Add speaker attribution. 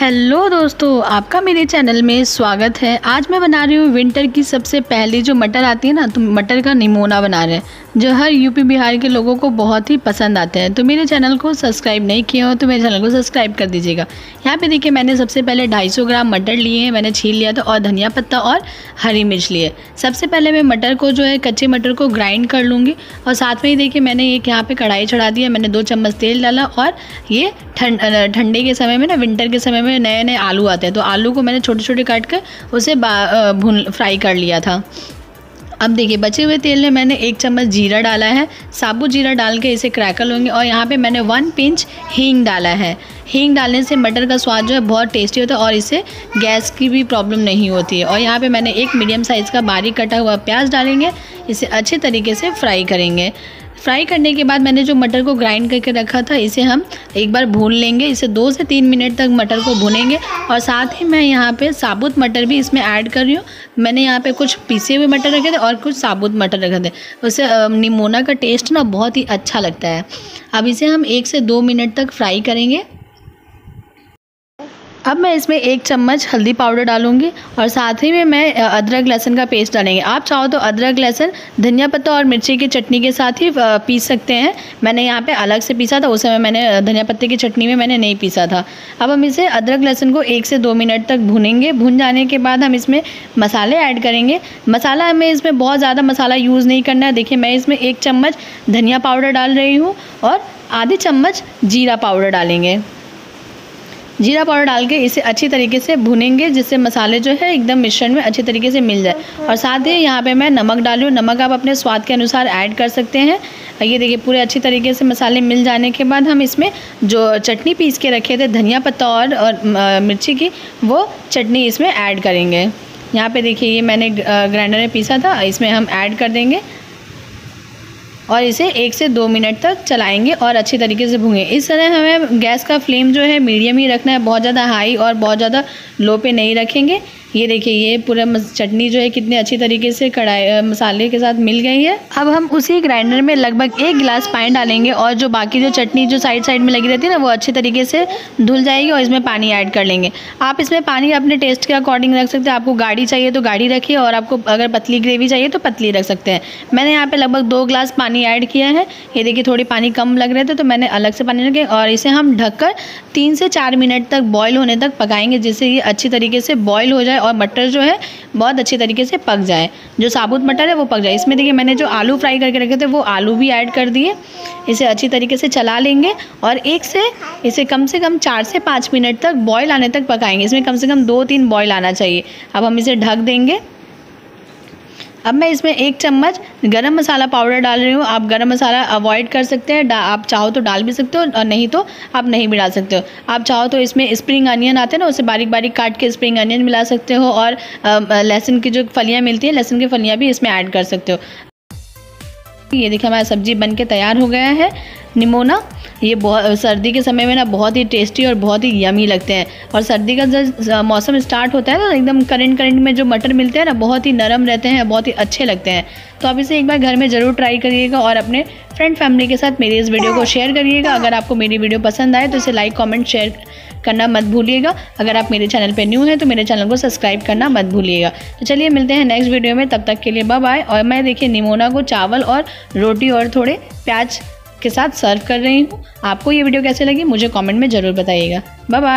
Speaker 1: hello दोस्तों आपका मेरे चैनल में स्वागत है आज मैं बना रही हूँ विंटर की सबसे पहली जो मटर आती है ना तो मटर का निमोना बना रहे हैं जो हर यूपी बिहार के लोगों को बहुत ही पसंद आते हैं तो मेरे चैनल को सब्सक्राइब नहीं किए हो तो मेरे चैनल को सब्सक्राइब कर दीजिएगा यहाँ पे देखिए मैंने सबसे पहले 250 ग्राम मटर लिए हैं मैंने छील लिया था तो, और धनिया पत्ता और हरी मिर्च लिए सबसे पहले मैं मटर को जो है कच्चे मटर को ग्राइंड कर लूँगी और साथ में ही देखिए मैंने एक यहाँ पर कढ़ाई चढ़ा दी है मैंने दो चम्मच तेल डाला और ये ठंडे के समय में ना विंटर के समय में में नए नए आलू आते हैं तो आलू को मैंने छोटे छोटे काट कर उसे भून फ्राई कर लिया था अब देखिए बचे हुए तेल में मैंने एक चम्मच जीरा डाला है साबुत जीरा डाल के इसे क्रैकल होंगे और यहाँ पे मैंने वन पिंच हींग डाला है हींग डालने से मटर का स्वाद जो है बहुत टेस्टी होता है और इससे गैस की भी प्रॉब्लम नहीं होती है और यहाँ पे मैंने एक मीडियम साइज़ का बारीक कटा हुआ प्याज डालेंगे इसे अच्छे तरीके से फ्राई करेंगे फ्राई करने के बाद मैंने जो मटर को ग्राइंड करके रखा था इसे हम एक बार भून लेंगे इसे दो से तीन मिनट तक मटर को भूनेंगे और साथ ही मैं यहाँ पे साबुत मटर भी इसमें ऐड कर रही हूँ मैंने यहाँ पे कुछ पीसे हुए मटर रखे थे और कुछ साबुत मटर रखे थे उससे निमोना का टेस्ट ना बहुत ही अच्छा लगता है अब इसे हम एक से दो मिनट तक फ्राई करेंगे अब मैं इसमें एक चम्मच हल्दी पाउडर डालूंगी और साथ ही में मैं अदरक लहसन का पेस्ट डालेंगे आप चाहो तो अदरक लहसन धनिया पत्ता और मिर्ची की चटनी के साथ ही पीस सकते हैं मैंने यहाँ पे अलग से पीसा था उस समय मैंने धनिया पत्ते की चटनी में मैंने नहीं पीसा था अब हम इसे अदरक लहसन को एक से दो मिनट तक भुनेंगे भुन जाने के बाद हम इसमें मसाले ऐड करेंगे मसाला हमें इसमें बहुत ज़्यादा मसाला यूज़ नहीं करना है देखिए मैं इसमें एक चम्मच धनिया पाउडर डाल रही हूँ और आधी चम्मच जीरा पाउडर डालेंगे जीरा पाउडर डाल के इसे अच्छी तरीके से भुनेंगे जिससे मसाले जो है एकदम मिश्रण में अच्छी तरीके से मिल जाए और साथ ही यहाँ पे मैं नमक डालूँ नमक आप अपने स्वाद के अनुसार ऐड कर सकते हैं ये देखिए पूरे अच्छी तरीके से मसाले मिल जाने के बाद हम इसमें जो चटनी पीस के रखे थे धनिया पत्ता और, और मिर्ची की वो चटनी इसमें ऐड करेंगे यहाँ पर देखिए ये मैंने ग्राइंडर में पीसा था इसमें हम ऐड कर देंगे और इसे एक से दो मिनट तक चलाएंगे और अच्छी तरीके से भूंगे इस तरह हमें गैस का फ्लेम जो है मीडियम ही रखना है बहुत ज़्यादा हाई और बहुत ज़्यादा लो पे नहीं रखेंगे ये देखिए ये पूरा चटनी जो है कितने अच्छी तरीके से कढ़ाई मसाले के साथ मिल गई है अब हम उसी ग्राइंडर में लगभग एक गिलास पानी डालेंगे और जो बाकी जो चटनी जो साइड साइड में लगी रहती है ना वो अच्छे तरीके से धुल जाएगी और इसमें पानी ऐड कर लेंगे आप इसमें पानी अपने टेस्ट के अकॉर्डिंग रख सकते हैं आपको गाढ़ी चाहिए तो गाढ़ी रखिए और आपको अगर पतली ग्रेवी चाहिए तो पतली रख सकते हैं मैंने यहाँ पर लगभग दो गिलास पानी पानी ऐड किया है ये देखिए थोड़ी पानी कम लग रहे थे तो मैंने अलग से पानी रखे और इसे हम ढककर तीन से चार मिनट तक बॉयल होने तक पकाएंगे जिससे ये अच्छी तरीके से बॉयल हो जाए और मटर जो है बहुत अच्छी तरीके से पक जाए जो साबुत मटर है वो पक जाए इसमें देखिए मैंने जो आलू फ्राई करके रखे थे वो आलू भी ऐड कर दिए इसे अच्छी तरीके से चला लेंगे और एक से इसे कम से कम चार से पाँच मिनट तक बॉयल आने तक पकाएंगे इसमें कम से कम दो तीन बॉयल आना चाहिए अब हम इसे ढक देंगे अब मैं इसमें एक चम्मच गरम मसाला पाउडर डाल रही हूँ आप गरम मसाला अवॉइड कर सकते हैं आप चाहो तो डाल भी सकते हो और नहीं तो आप नहीं भी डाल सकते हो आप चाहो तो इसमें स्प्रिंग अनियन आते हैं ना उसे बारीक बारीक काट के स्प्रिंग अनियन मिला सकते हो और लहसुन की जो फलियाँ मिलती हैं लहसुन की फलियाँ भी इसमें ऐड कर सकते हो ये देखिए हमारा सब्जी बन के तैयार हो गया है निमोना ये बहुत सर्दी के समय में ना बहुत ही टेस्टी और बहुत ही यमी लगते हैं और सर्दी का जब मौसम स्टार्ट होता है ना एकदम करंट करंट में जो मटर मिलते हैं ना बहुत ही नरम रहते हैं बहुत ही अच्छे लगते हैं तो आप इसे एक बार घर में ज़रूर ट्राई करिएगा और अपने फ्रेंड फैमिली के साथ मेरी इस वीडियो को शेयर करिएगा अगर आपको मेरी वीडियो पसंद आए तो इसे लाइक कॉमेंट शेयर करना मत भूलिएगा अगर आप मेरे चैनल पर न्यू हैं तो मेरे चैनल को सब्सक्राइब करना मत भूलिएगा तो चलिए मिलते हैं नेक्स्ट वीडियो में तब तक के लिए बाय और मैं देखिए निमोना को चावल और रोटी और थोड़े प्याज के साथ सर्व कर रही हूँ आपको ये वीडियो कैसे लगी मुझे कमेंट में ज़रूर बताइएगा बाय बाय